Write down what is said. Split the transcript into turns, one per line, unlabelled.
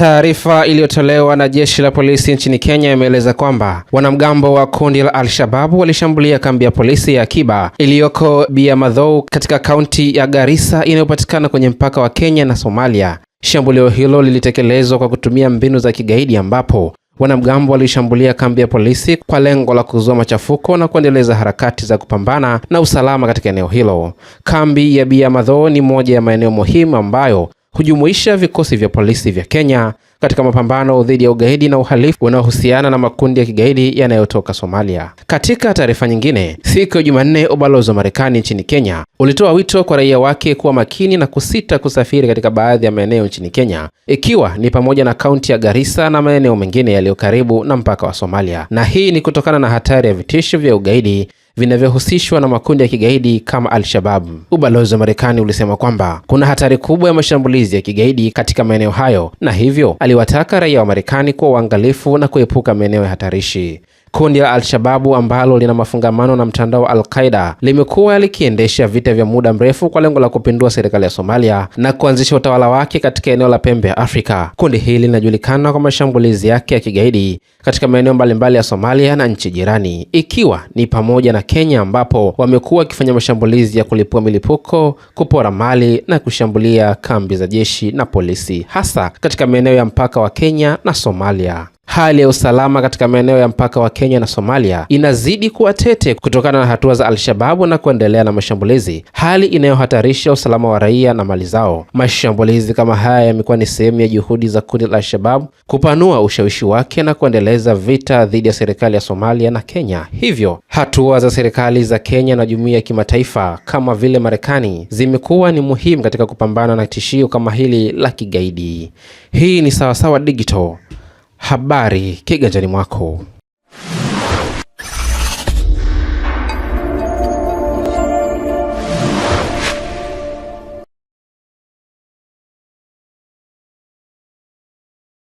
Taarifa iliyotolewa na jeshi la polisi nchini Kenya imeeleza kwamba wanamgambo wa kundi la Al-Shababu walishambulia kambi ya polisi ya akiba iliyoko Biamadhou katika kaunti ya Garissa inayopatikana kwenye mpaka wa Kenya na Somalia. Shambulio hilo lilitekelezwa kwa kutumia mbinu za kigaidi ambapo wanamgambo walishambulia kambi ya polisi kwa lengo la kuzua machafuko na kuendeleza harakati za kupambana na usalama katika eneo hilo. Kambi ya Bia ni moja ya maeneo muhimu ambayo hujumuisha vikosi vya polisi vya Kenya katika mapambano dhidi ya ugaidi na uhalifu unaohusiana na makundi ya kigaidi yanayotoka Somalia. Katika taarifa nyingine, siku ya Jumanne, ubalozi wa Marekani nchini Kenya ulitoa wito kwa raia wake kuwa makini na kusita kusafiri katika baadhi ya maeneo nchini Kenya, ikiwa ni pamoja na kaunti ya Garissa na maeneo mengine yaliyo karibu na mpaka wa Somalia, na hii ni kutokana na hatari ya vitisho vya ugaidi vinavyohusishwa na makundi ya kigaidi kama Al-Shabab. Ubalozi wa Marekani ulisema kwamba kuna hatari kubwa ya mashambulizi ya kigaidi katika maeneo hayo, na hivyo aliwataka raia wa Marekani kuwa waangalifu na kuepuka maeneo ya hatarishi. Kundi la Al-Shababu ambalo lina mafungamano na mtandao wa Al-Qaida limekuwa likiendesha vita vya muda mrefu kwa lengo la kupindua serikali ya Somalia na kuanzisha utawala wake katika eneo la pembe ya Afrika. Kundi hili linajulikana kwa mashambulizi yake ya kigaidi katika maeneo mbalimbali ya Somalia na nchi jirani, ikiwa ni pamoja na Kenya ambapo wamekuwa wakifanya mashambulizi ya kulipua milipuko, kupora mali na kushambulia kambi za jeshi na polisi, hasa katika maeneo ya mpaka wa Kenya na Somalia. Hali ya usalama katika maeneo ya mpaka wa Kenya na Somalia inazidi kuwa tete kutokana na hatua za Al-Shababu na kuendelea na mashambulizi, hali inayohatarisha usalama wa raia na mali zao. Mashambulizi kama haya yamekuwa ni sehemu ya juhudi za kundi la Al-Shababu kupanua ushawishi wake na kuendeleza vita dhidi ya serikali ya Somalia na Kenya. Hivyo, hatua za serikali za Kenya na jumuiya ya kimataifa kama vile Marekani zimekuwa ni muhimu katika kupambana na tishio kama hili la kigaidi. Hii ni Sawasawa Digital. Habari kiganjani mwako.